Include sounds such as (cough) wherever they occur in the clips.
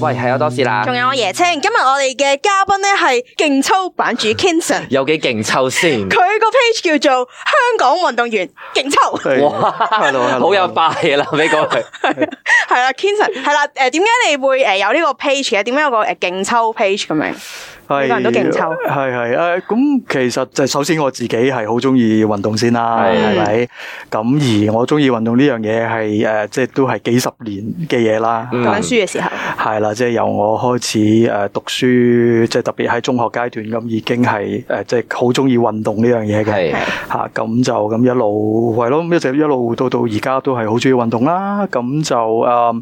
喂，係我多士啦。仲 (noise) 有我椰青，今日我哋嘅嘉賓咧係勁揪版主 Kinson。 (laughs) 有幾勁揪先？佢個 page 叫做香港運動員勁揪。哇、 (laughs) (music) (music) 啊，好有霸氣啦， (laughs) (laughs) 俾個佢。係啦，Kinson，係啦，誒， (music) 點解、啊啊、你會誒有呢個 page 啊？點解有個誒勁揪 page 咁樣？係，係， (laughs) 係，誒，咁、啊、其實就首先我自己係好中意運動先啦，係咪？ (laughs) 咁而我中意運動呢樣嘢係誒，即係都係幾十年嘅嘢啦。讀緊書嘅時候係啦，即係由我開始誒讀書，即係特別喺中學階段咁，已經係誒、啊、即係好中意運動呢的、啊、樣嘢嘅。吓咁就咁一路係咯，一直一路到到而家都係好中意運動啦。咁就誒咁、啊、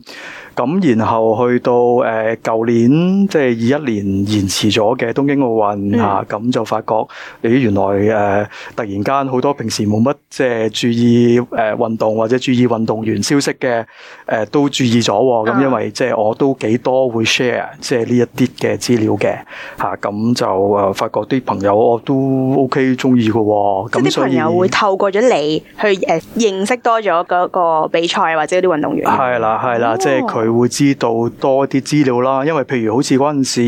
然後去到誒舊、啊、年即係二一年延遲咗。嘅東京奧運嚇，咁、嗯啊、就發覺誒原來誒、呃、突然間好多平時冇乜即係注意誒運動或者注意運動員消息嘅誒、呃、都注意咗喎、哦。咁因為即係、嗯、我都幾多會 share 即係呢一啲嘅資料嘅吓，咁、啊、就誒發覺啲朋友我都 OK 中意嘅喎。啲朋友會透過咗你去誒認識多咗個比賽或者啲運動員係、嗯、啦，係啦，啦哦、即係佢會知道多啲資料啦。因為譬如好似陣時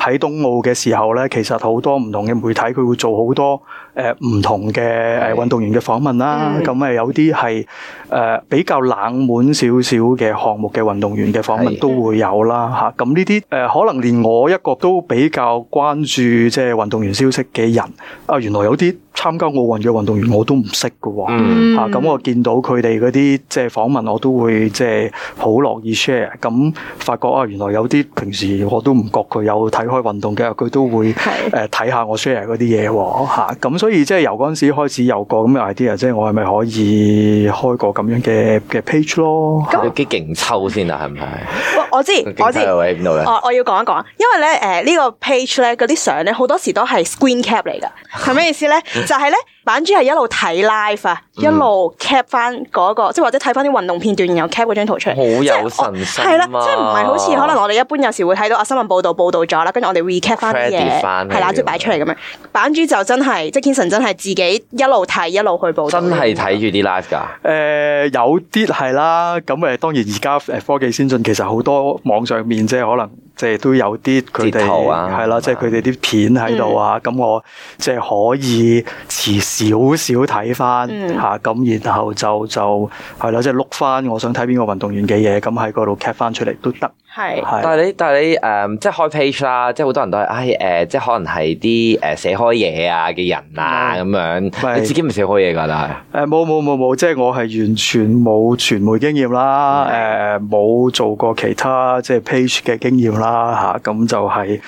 喺東奧嘅。嘅時候咧，其實好多唔同嘅媒體佢會做好多誒唔、呃、同嘅誒、呃、運動員嘅訪問啦。咁誒、mm hmm. 嗯、有啲係誒比較冷門少少嘅項目嘅運動員嘅訪問都會有啦。嚇、mm，咁呢啲誒可能連我一個都比較關注即係、就是、運動員消息嘅人，啊原來有啲。參加奧運嘅運動員我都唔識㗎喎，咁、嗯啊、我見到佢哋嗰啲即係訪問，我都會即係好樂意 share。咁發覺啊，原來有啲平時我都唔覺佢有睇開運動嘅，佢都會誒睇下我 share 嗰啲嘢喎，咁、啊啊、所以即係由嗰陣時開始有個咁嘅 idea，即係我係咪可以開個咁樣嘅嘅 page 咯？咁幾、嗯、勁揪先啊，係唔係？我知我知我，我要講一講，因為咧誒呢個 page 咧嗰啲相咧好多時都係 screen cap 嚟㗎，係咩意思咧？就係咧。版主係一路睇 live 啊，嗯、一路 cap 翻嗰個，即係或者睇翻啲運動片段，然後 cap 嗰張圖出嚟，有神啊、即好即係係啦，即係唔係好似可能我哋一般有時會睇到啊新聞報導報導咗啦，跟住我哋 recap 翻啲嘢，係啦，即係擺出嚟咁樣。版主就真係，即係 Kinson 真係自己一路睇一路去報導。真係睇住啲 live 㗎。誒、嗯，有啲係啦，咁誒，當然而家誒科技先進，其實好多網上面，即係可能即係都有啲佢哋啊。係啦的，即係佢哋啲片喺度啊，咁、嗯嗯、我即係可以持。少少睇翻嚇，咁、嗯啊、然後就就係啦，即係碌翻我想睇邊個運動員嘅嘢，咁喺嗰度 cap 翻出嚟都得。係，但係你但係你誒即係開 page 啦，即係好多人都係誒、哎呃、即係可能係啲誒寫開嘢啊嘅人啊咁樣，是你自己唔寫開嘢㗎啦？誒冇冇冇冇，即係我係完全冇傳媒經驗啦，誒冇、呃、做過其他即係 page 嘅經驗啦嚇，咁就係。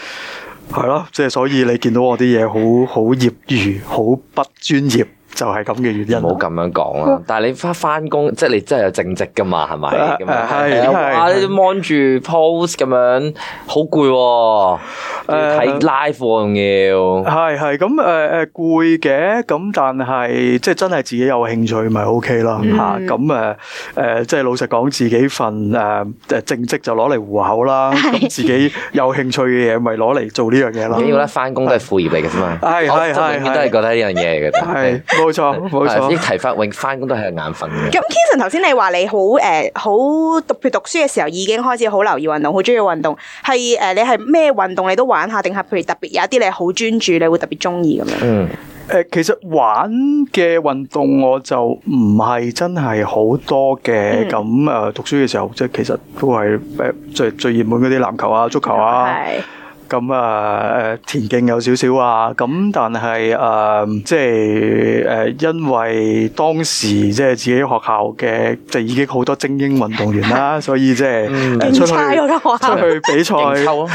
係咯，即係所以你見到我啲嘢，好好業餘，好不專業。就係咁嘅原因。唔好咁樣講啊！但係你翻翻工，即係你真係有正職噶嘛？係咪？係啊，你都望住 post 咁樣，好攰喎。睇 live 仲要。係係咁誒誒，攰嘅。咁但係即係真係自己有興趣咪 OK 啦吓。咁誒誒，即係老實講，自己份誒誒正職就攞嚟糊口啦。咁自己有興趣嘅嘢，咪攞嚟做呢樣嘢咯。梗係啦，翻工都係副業嚟噶啫嘛。係係係，都係覺得呢樣嘢嚟嘅。係。冇錯，冇錯。啲提法永翻工都係眼瞓嘅。咁 Kinson 頭先你話你好誒，好讀佢讀書嘅時候已經開始好留意運動，好中意運動。係誒，你係咩運動你都玩下，定係譬如特別有一啲你好專注，你會特別中意咁樣？嗯，誒，其實玩嘅運動我就唔係真係好多嘅。咁誒、嗯，讀書嘅時候即係其實都係誒最最熱門嗰啲籃球啊、足球啊。係。咁啊，田徑有少少啊，咁但係誒，即係誒，因為當時即係自己學校嘅，就已經好多精英運動員啦，所以即係嚟出去，出去比賽，抽啊，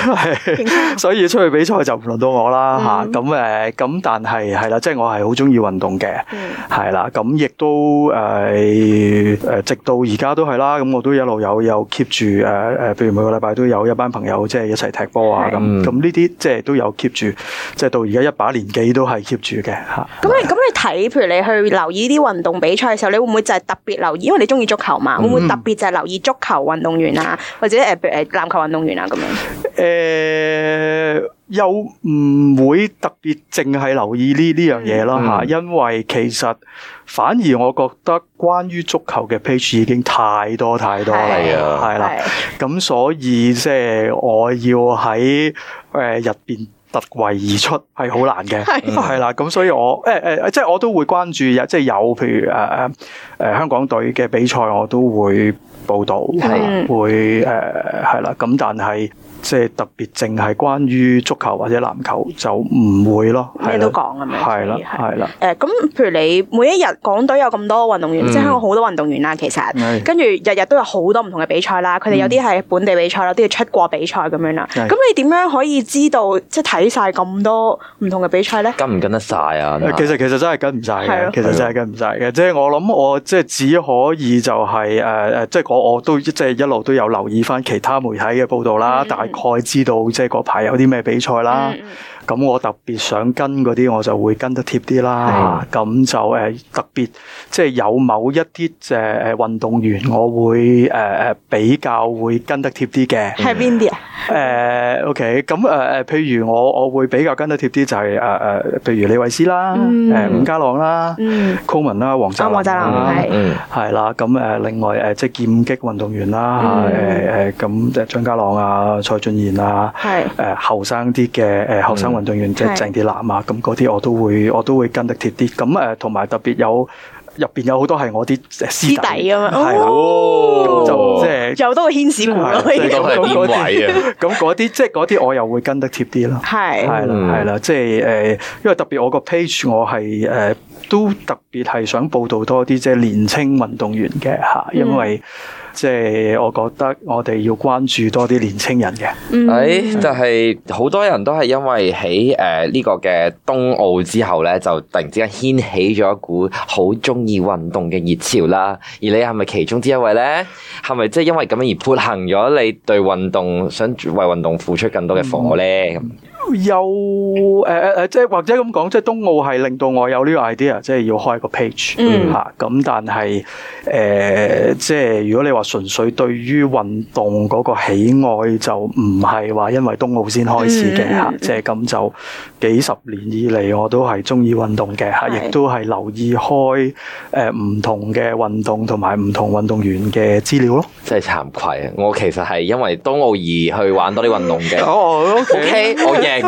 所以出去比賽就唔輪到我啦吓。咁誒，咁但係係啦，即係我係好中意運動嘅，係啦，咁亦都誒誒，直到而家都係啦。咁我都一路有有 keep 住誒誒，譬如每個禮拜都有一班朋友即係一齊踢波啊咁。咁呢啲即係都有 keep 住，即係到而家一把年紀都係 keep 住嘅吓。咁你咁你睇，譬如你去留意啲運動比賽嘅時候，你會唔會就係特別留意？因為你中意足球嘛，嗯、會唔會特別就係留意足球運動員啊，或者誒誒、呃呃、籃球運動員啊咁樣？誒、呃。又唔會特別淨係留意呢呢樣嘢啦嚇，嗯、因為其實反而我覺得關於足球嘅 page 已經太多太多啦啊，係 (noise) 啦，咁所以即係我要喺誒入邊突圍而出係好難嘅，係啦，咁、嗯、 (noise) 所以我誒誒、呃呃、即係我都會關注，即係有譬如誒誒誒香港隊嘅比賽，呃呃呃呃、我都會報道，會誒係啦，咁、嗯呃、但係、嗯。呃呃但但即係特別，淨係關於足球或者籃球就唔會咯。咩都講啊？咩？係啦，係啦。誒，咁譬如你每一日港隊有咁多運動員，即係香港好多運動員啦，其實。跟住日日都有好多唔同嘅比賽啦，佢哋有啲係本地比賽啦，有啲出國比賽咁樣啦。咁你點樣可以知道即係睇晒咁多唔同嘅比賽咧？跟唔跟得晒啊？其實其實真係跟唔晒嘅，其實真係跟唔晒嘅。即係我諗，我即係只可以就係誒誒，即係我我都即係一路都有留意翻其他媒體嘅報道啦，但大概知道即係嗰排有啲咩比賽啦。 (music) (music) 咁我特別想跟嗰啲，我就會跟得貼啲啦。咁就誒特別，即係有某一啲誒誒運動員，我會誒誒比較會跟得貼啲嘅。係邊啲啊？誒 OK，咁誒誒，譬如我我會比較跟得貼啲，就係誒誒，譬如李慧詩啦，誒伍家朗啦，Coleman 啦，黃澤。黃澤林係係啦。咁誒另外誒，即係劍擊運動員啦嚇誒誒，咁即係張家朗啊、蔡俊彥啊，誒後生啲嘅誒學生。運動員即係鄭啲男啊，咁嗰啲我都會我都會跟得貼啲，咁誒同埋特別有入邊有好多係我啲師弟啊嘛，係啦，就即係有多個牽線，係即係都係邊位啊？咁嗰啲即係嗰啲我又會跟得貼啲啦，係係啦係啦，即係誒，因為特別我個 page 我係誒。都特別係想報導多啲即係年青運動員嘅嚇，因為、嗯、即係我覺得我哋要關注多啲年青人嘅。誒、嗯 (noise) 哎、就係、是、好多人都係因為喺誒呢個嘅東奧之後咧，就突然之間掀起咗一股好中意運動嘅熱潮啦。而你係咪其中之一位咧？係咪即係因為咁樣而闊行咗你對運動想為運動付出更多嘅火咧？嗯嗯。有誒誒誒即係或者咁講，即係東奧係令到我有呢個 idea，即係要開個 page 吓、嗯，咁、啊、但係誒、呃、即係如果你話純粹對於運動嗰個喜愛就唔係話因為東奧先開始嘅吓、嗯啊，即係咁就幾十年以嚟，我都係中意運動嘅吓，亦都係留意開誒唔、呃、同嘅運動同埋唔同運動員嘅資料咯。真係慚愧啊！我其實係因為東奧而去玩多啲運動嘅。好 O K，好嘢。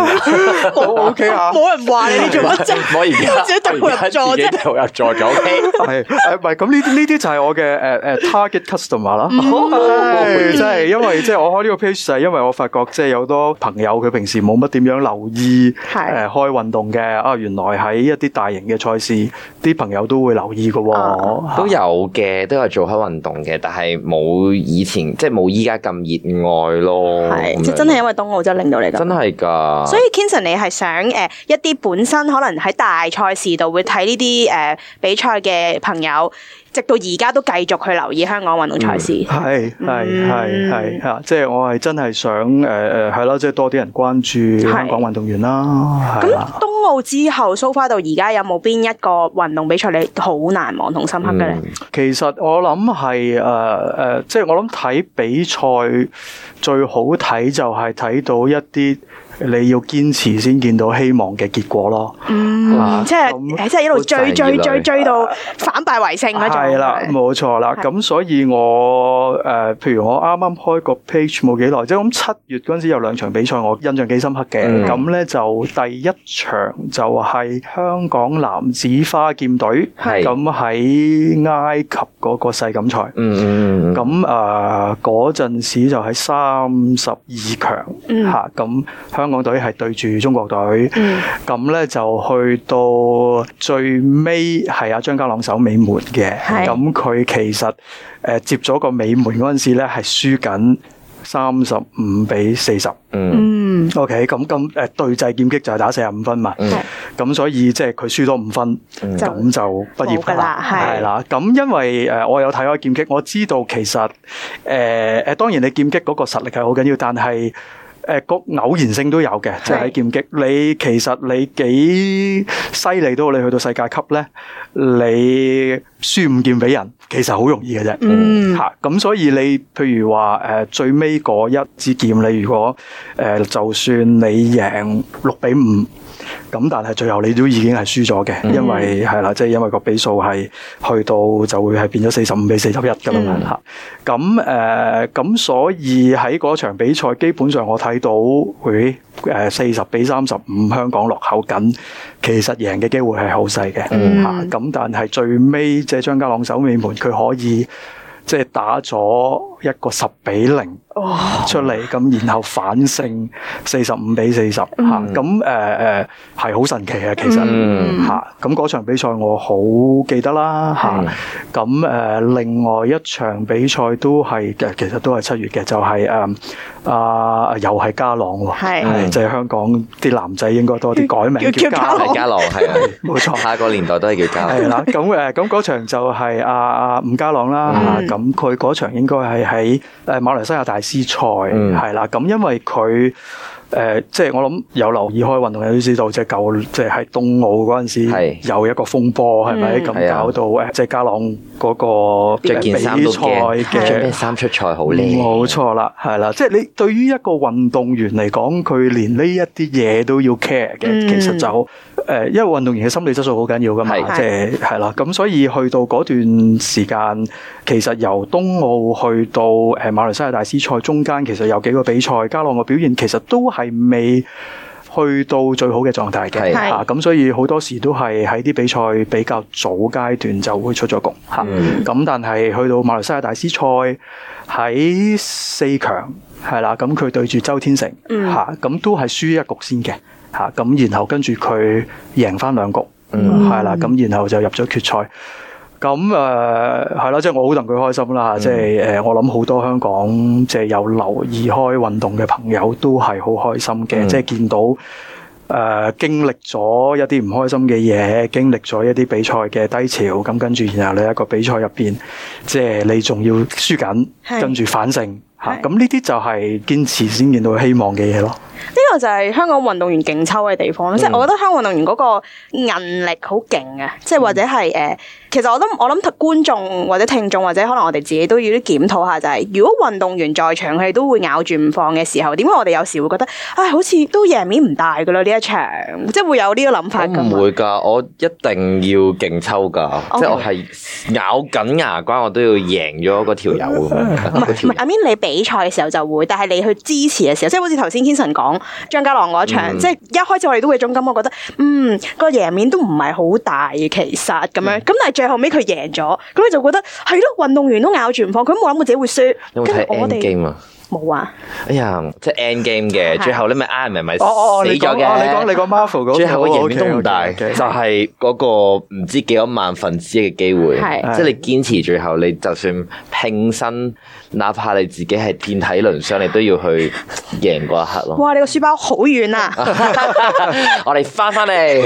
O K 啊，冇人話你呢做乜啫，自己獨入座啫，獨入座咁係誒，唔係咁呢，呢啲就係我嘅誒誒 target customer 啦，真、uh, 係、啊 er 啊、因為即係我開呢個 page 就係因為我發覺即係有好多朋友佢平時冇乜點樣留意誒、呃、開運動嘅啊，原來喺一啲大型嘅賽事，啲朋友都會留意噶、啊啊啊，都有嘅，都係做開運動嘅，但係冇以前即係冇依家咁熱愛咯，係即真係因為冬奧真係令到你真係噶。所以 Kinson，你係想誒、呃、一啲本身可能喺大賽事度會睇呢啲誒比賽嘅朋友，直到而家都繼續去留意香港運動賽事。係係係係啊！即係我係真係想誒誒係咯，即係多啲人關注香港運動員啦。咁東奧之後 So far 到而家有冇邊一個運動比賽你好難忘同深刻嘅咧？其實我諗係誒誒，即係我諗睇比賽最好睇就係睇到一啲。你要堅持先見到希望嘅結果咯，嗯，即係即係一路追追追追到反敗為勝嗰種係啦，冇錯啦。咁所以我誒，譬如我啱啱開個 page 冇幾耐，即係咁七月嗰陣時有兩場比賽，我印象幾深刻嘅。咁咧就第一場就係香港男子花劍隊，咁喺埃及嗰個世錦賽，咁啊嗰陣時就喺三十二強嚇，咁香。香港隊係對住中國隊，咁咧、嗯、就去到最尾係阿張家朗守尾門嘅，咁佢是其實誒、呃、接咗個尾門嗰陣時咧係輸緊三十五比四十，嗯，嗯，OK，咁咁誒隊制劍擊就係打四十五分嘛，咁，嗯嗯、所以即係佢輸多五分，咁，嗯嗯、就畢業㗎啦，係啦，咁是因為誒我有睇開劍擊，我知道其實誒誒、呃、當然你劍擊嗰個實力係好緊要，但係。誒個、呃、偶然性都有嘅，就係喺劍擊，嗎你其實你幾犀利都，你去到世界級咧，你輸唔劍俾人，其實好容易嘅啫。嗯，嚇咁、啊，所以你譬如話誒、呃、最尾嗰一支劍，你如果誒、呃、就算你贏六比五。咁但係最後你都已經係輸咗嘅，因為係啦，即係、嗯、因為個比數係去到就會係變咗四十五比四十一噶啦吓。咁誒、嗯啊、咁、啊啊啊、所以喺嗰場比賽基本上我睇到會誒四十比三十五香港落後緊，其實贏嘅機會係好細嘅吓。咁、嗯啊、但係最尾即係張家朗守門員佢可以即係、就是、打咗。一個十比零出嚟，咁然後反勝四十五比四十，吓咁誒誒係好神奇啊！其實吓咁嗰場比賽我好記得啦，吓咁誒另外一場比賽都係嘅，其實都係七月嘅，就係誒阿又係家朗喎，係就係香港啲男仔應該多啲改名叫家朗，家朗係啊，冇錯吓，下個年代都係叫家朗。係啦，咁誒咁嗰場就係阿阿伍家朗啦，吓咁佢嗰場應該係。喺誒馬來西亞大師賽係啦，咁、嗯、因為佢。誒、呃，即係我諗有留意開運動嘅都知道，即係舊即係喺東奧嗰陣時係有一個風波，係咪咁？搞到誒、啊、即係加朗嗰個著件衫嘅，著咩衫、啊、出賽好冇錯、嗯、啦，係啦，即、就、係、是、你對於一個運動員嚟講，佢連呢一啲嘢都要 care 嘅。嗯、其實就誒、呃、因為運動員嘅心理質素好緊要噶嘛，即係係啦。咁、就是、所以去到嗰段時間，其實由東奧去到誒馬來西亞大師賽中間其實有幾個比賽加朗嘅表現其實都係。係未去到最好嘅狀態嘅，咁的、啊、所以好多時都係喺啲比賽比較早階段就會出咗局，咁、啊嗯、但係去到馬來西亞大師賽喺四強係啦，咁佢對住周天成吓，咁、嗯啊、都係輸一局先嘅吓，咁、啊、然後跟住佢贏翻兩局，係啦、嗯，咁然後就入咗決賽。咁誒係啦，即係我好戥佢開心啦，即係誒我諗好多香港即係有留意開運動嘅朋友都係好開心嘅，即係見到誒經歷咗一啲唔開心嘅嘢，經歷咗一啲比賽嘅低潮，咁跟住然後你一個比賽入邊，即係你仲要輸緊，跟住反勝嚇，咁呢啲就係堅持先見到希望嘅嘢咯。呢個就係香港運動員勁揪嘅地方，即係我覺得香港運動員嗰個韌力好勁啊，即係或者係誒。其實我都我諗，觀眾或者聽眾或者可能我哋自己都要啲檢討下，就係如果運動員在場，佢哋都會咬住唔放嘅時候，點解我哋有時會覺得，唉，好似都贏面唔大㗎喇？呢一場即係會有呢個諗法。唔會㗎，我一定要勁揪㗎，Okay. 即係我係咬緊牙關，我都要贏咗嗰條友。唔係唔係，阿 Min 你比賽嘅時候就會，但係你去支持嘅時候，即係好似頭先 Kinson 講張家朗嗰場，即係、嗯、一開始我哋都會種咁，我覺得嗯個贏面都唔係好大其實咁樣，咁但係。最後尾佢贏咗，咁佢就覺得係咯，運動員都咬住唔放，佢冇諗過自己會輸。你有冇睇《End Game》啊？冇啊！哎呀，即係《End Game》嘅最後你咪 Iron 咪 n 咪死咗嘅、啊。你講、啊、你講 Marvel 嗰、那個、最後嘅贏面都唔大， (laughs) okay, okay, okay, okay, 就係嗰個唔知幾多萬分之一嘅機會，即係你堅持最後，你就算拼身。哪怕你自己係遍體鱗傷，你都要去贏嗰一刻咯。哇！你個書包好遠啊！我哋翻翻嚟，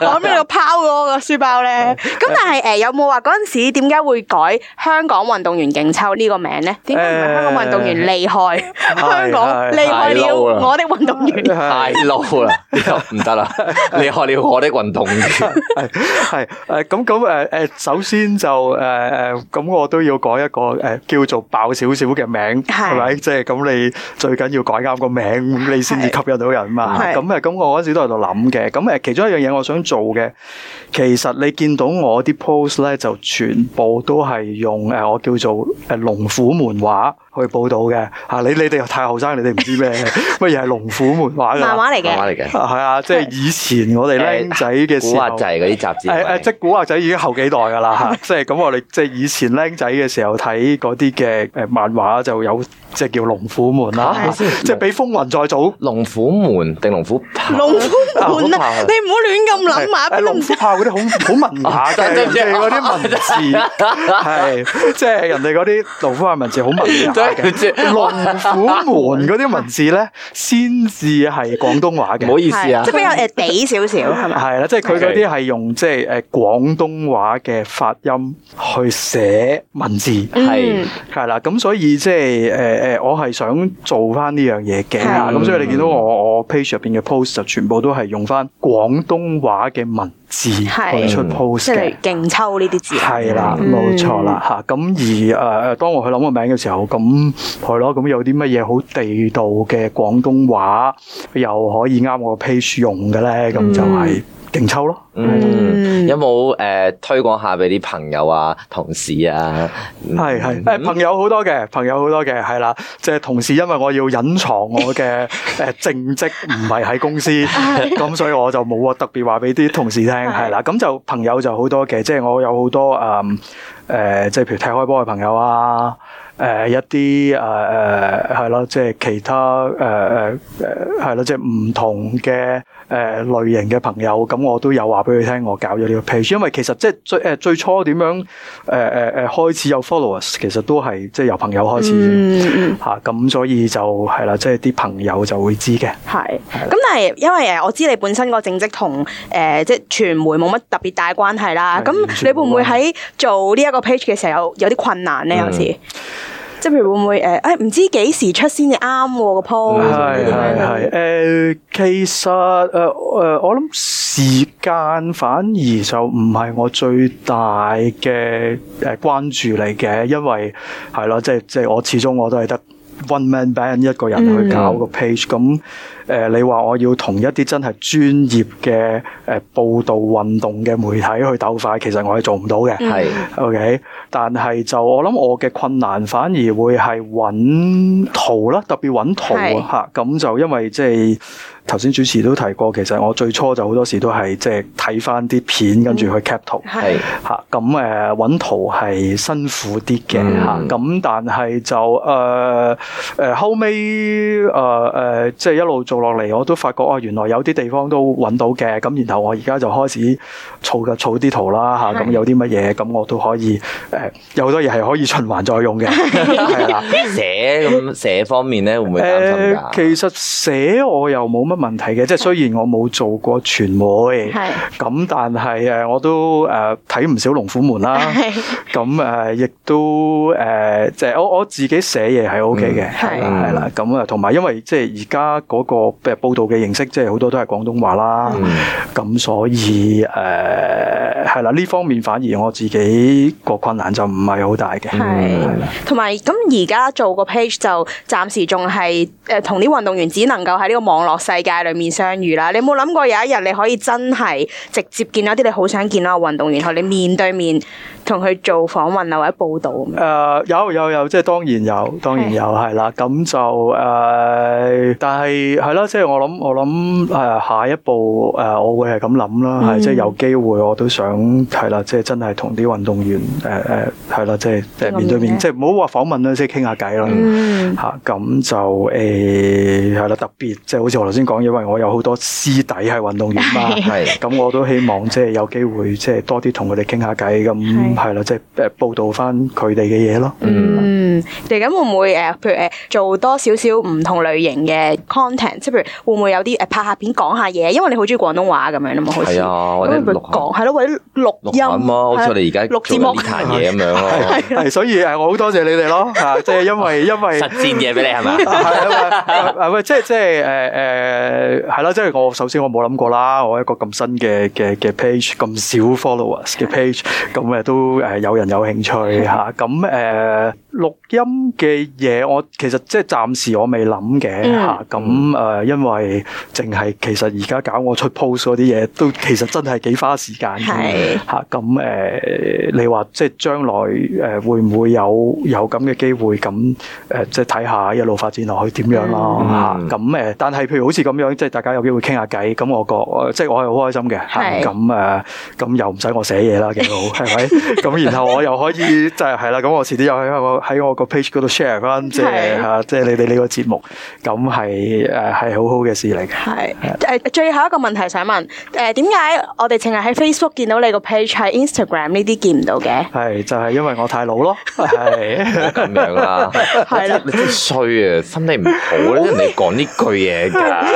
我喺邊度拋嗰個書包咧？咁但係誒，有冇話嗰陣時點解會改香港運動員勁揪呢個名咧？點解唔係香港運動員厲害？香港厲害了，我的運動員太 low 啦！唔得啦，厲害了，我的運動員係誒咁咁誒誒，首先就誒誒，咁我都要講一個誒叫做爆。少少嘅名係咪是？即係咁，你最緊要改啱個名，你先至吸引到人嘛。咁誒是，咁我嗰陣時都喺度諗嘅。咁誒，其中一樣嘢我想做嘅，其實你見到我啲 post 咧，就全部都係用誒，我叫做誒龍虎門話。去報道嘅嚇，你你哋太後生，你哋唔知咩？乜嘢係《龍虎門》畫嘅？漫畫嚟嘅，畫嚟嘅，係啊！即係以前我哋僆仔嘅時古惑仔嗰啲雜誌。誒即係古惑仔已經後幾代㗎啦嚇。即係咁，我哋即係以前僆仔嘅時候睇嗰啲嘅誒漫畫就有，即係叫《龍虎門》啊，係咪先？即係比《風雲再組》，《龍虎門》定《龍虎豹》？龍虎門啊，即係比風雲再組，龍虎門定龍虎豹？龍虎門啊，你唔好亂咁諗下。誒《龍虎豹》嗰啲好好文下，即係人哋嗰啲文字係，即係人哋嗰啲《龍虎》嘅文字好文龍虎 (laughs) 門嗰啲文字咧，先至係廣東話嘅。唔 (laughs) 好意思啊， (laughs) 即係比較誒，地少少。係咪係啦，即係佢嗰啲係用即係誒廣東話嘅發音去寫文字，係係啦。咁 (noise) 所以即係誒誒，我係想做翻呢樣嘢嘅。咁的、嗯、所以你見到我我 page 入邊嘅 post 就全部都係用翻廣東話嘅文字。字嚟出 post 即係，勁抽呢啲字，係啦，冇錯啦吓。咁而誒誒，當我去諗個名嘅時候，咁係咯，咁有啲乜嘢好地道嘅廣東話，又可以啱我個 page 用嘅咧，咁就係，是。嗯勁揪咯，嗯，有冇誒、呃、推廣下俾啲朋友啊、同事啊？係係誒，朋友好多嘅，朋友好多嘅，係啦。即係同事，因為我要隱藏我嘅誒、 (laughs) 呃、正職，唔係喺公司，咁 (laughs) 所以我就冇特別話俾啲同事聽，係啦。咁就朋友就好多嘅，即係我有好多啊，誒、呃，即係譬如踢開波嘅朋友啊。誒、呃、一啲誒誒係咯，即、呃、係、即係、其他誒誒誒係咯，即係唔同嘅誒類型嘅朋友，咁我都有話俾佢聽，我搞咗呢個 page。因為其實即係最誒最初點樣誒誒誒開始有 followers，其實都係即係由朋友開始。嗯咁、嗯啊，所以就係啦，即係啲朋友就會知嘅。係是。咁的但係因為誒，我知你本身個正職同誒即係傳媒冇乜特別大關係啦。咁的你會唔會喺做呢一個 page 嘅時候有有啲困難咧？有時、嗯？即係譬如會唔會誒誒唔知幾時出先至啱個鋪？係、係、係、誒其實誒誒、呃、我諗時間反而就唔係我最大嘅誒關注嚟嘅，因為係咯，即係即係我始終我都係得。One man band 一個人去搞個 page 咁、嗯，誒、嗯、你話我要同一啲真係專業嘅誒報道運動嘅媒體去鬥快，其實我係做唔到嘅。係、嗯、OK，但係就我諗我嘅困難反而會係揾圖啦，特別揾圖吓，咁、嗯啊、就因為即、就、係、是。頭先主持都提過，其實我最初就好多時都係即係睇翻啲片，跟住去 cap 圖係吓，咁誒揾圖係辛苦啲嘅吓，咁但係就誒誒、呃、後屘誒誒即係一路做落嚟，我都發覺啊、哦，原來有啲地方都揾到嘅。咁然後我而家就開始儲嘅儲啲圖啦吓，咁有啲乜嘢咁我都可以誒、呃、有好多嘢係可以循環再用嘅。係啦 (laughs) (laughs) 寫咁寫方面咧會唔會擔心㗎、uh，其實寫我又冇乜。問題嘅，即係雖然我冇做過傳媒，係咁是但係誒我都誒睇唔少龍虎門啦，咁誒亦都誒即係我我自己寫嘢係 OK 嘅，係啦、嗯，咁啊同埋因為即係而家嗰個報道嘅形式，即係好多都係廣東話啦，咁、嗯、所以誒係啦呢方面反而我自己個困難就唔係好大嘅，係啦是。同埋咁而家做個 page 就暫時仲係誒同啲運動員只能夠喺呢個網絡世界裏面相遇啦，你有冇諗過有一日你可以真係直接見到啲你好想見到嘅運動員，然後你面對面同佢做訪問啊或者報道咁？誒，有有有，即係當然有，當然有係啦。咁就誒，但係，係啦，即係我諗我諗誒，下一步誒，我會係咁諗啦，係即係有機會我都想係啦，即係真係同啲運動員誒誒係啦，即係誒面對面，即係唔好話訪問啦，即係傾下偈啦吓。咁就誒係啦，特別即係好似我頭先講。因為我有好多師弟係運動員嘛，係咁我都希望即係有機會即係多啲同佢哋傾下偈，咁係啦，即係報道翻佢哋嘅嘢咯。嗯，嚟緊、就是嗯、會唔會誒？譬如誒，做多少少唔同類型嘅 content，即係譬如會唔會有啲誒拍下片講下嘢？因為你好中意廣東話咁樣啊嘛。係啊，我哋錄講係咯，或者錄音啊。音好似我哋而家錄字幕嘅嘢咁樣。係，所以係我好多謝你哋咯、啊。嚇，即係因為因為 (laughs) 實戰嘢俾你係嘛？係啊係即係即係誒誒？ (laughs) (laughs) 誒，係啦，即係我首先我冇諗過啦，我一個咁新嘅嘅嘅 page，咁少 followers 嘅 page，咁誒都誒有人有興趣吓，咁誒錄音嘅嘢，我其實即係暫時我未諗嘅吓，咁誒因為淨係其實而家搞我出 post 嗰啲嘢，都其實真係幾花時間嘅吓，咁誒你話即係將來誒會唔會有有咁嘅機會，咁誒即係睇下一路發展落去點樣咯吓，咁誒但係譬如好似咁。咁樣即係大家有機會傾下偈，咁我覺即係我係好開心嘅。係咁誒，咁又唔使我寫嘢啦，幾好係咪？咁然後我又可以就係係啦。咁我遲啲又喺我喺我個 page 嗰度 share 翻，即係吓，即係你哋呢個節目，咁係誒係好好嘅事嚟。係誒，最後一個問題想問誒，點解我哋淨係喺 Facebook 見到你個 page，喺 Instagram 呢啲見唔到嘅？係就係因為我太老咯，係咁樣啦。係啦，你真衰啊，身體唔好咧，你講呢句嘢㗎。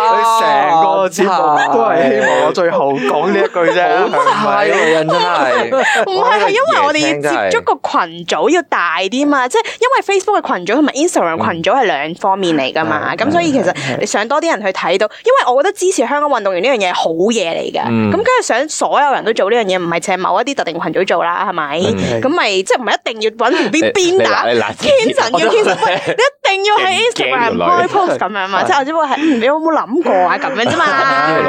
我知，都係希望我最後講呢一句啫，唔係唔係係因為我哋接觸個群組要大啲嘛，即係因為 Facebook 嘅群組同埋 Instagram 群組係兩方面嚟㗎嘛，咁所以其實你想多啲人去睇到，因為我覺得支持香港運動員呢樣嘢好嘢嚟㗎，咁梗係想所有人都做呢樣嘢，唔係凈係某一啲特定群組做啦，係咪？咁咪即係唔係一定要揾邊邊打？一定要喺 Instagram 開 post 咁樣嘛？即係我只不過係你有冇諗過啊咁樣啫嘛？係個女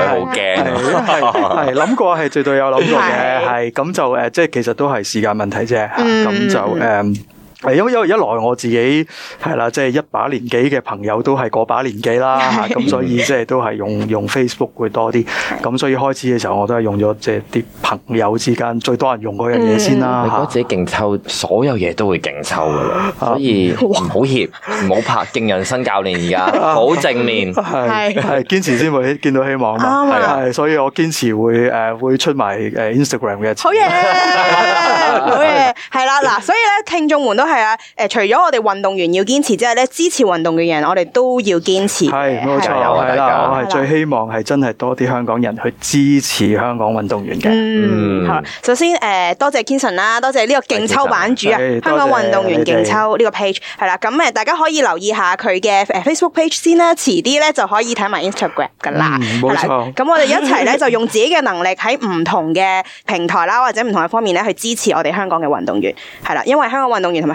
好驚，係諗、啊、過，係絕對有諗過嘅，係咁 (laughs) 是就誒、呃，即係其實都係時間問題啫，咁、啊嗯、就誒。呃係因為因為一來我自己係啦，即係一把年紀嘅朋友都係嗰把年紀啦，吓，咁所以即係都係用用 Facebook 會多啲。咁所以開始嘅時候我都係用咗即係啲朋友之間最多人用嗰樣嘢先啦。我自己勁揪，所有嘢都會勁揪㗎啦。所以、啊哇，唔好怯唔好怕勁，人生教練而家好正面，係係堅持先會見到希望啊，啊嘛係係、啊呃，所以我堅持會誒會出埋誒 Instagram 嘅。好嘢，好嘢，係啦嗱，所以咧聽眾們都。係啊，誒，除咗我哋運動員要堅持之外咧，支持運動嘅人，我哋都要堅持。係冇錯，係啦的對，我係最希望係真係多啲香港人去支持香港運動員嘅。嗯，嗯，好，首先誒、呃，多謝 Kinson 啦，多謝呢個勁揪版主啊，對香港運動員勁揪呢個 page 係啦，咁、嗯、誒大家可以留意下佢嘅 Facebook page 先啦，遲啲咧就可以睇埋 Instagram 㗎啦。冇錯、嗯，咁、嗯、 (laughs) 我哋一齊咧就用自己嘅能力喺唔同嘅平台啦，或者唔同嘅方面咧去支持我哋香港嘅運動員，係啦，因為香港運動員同埋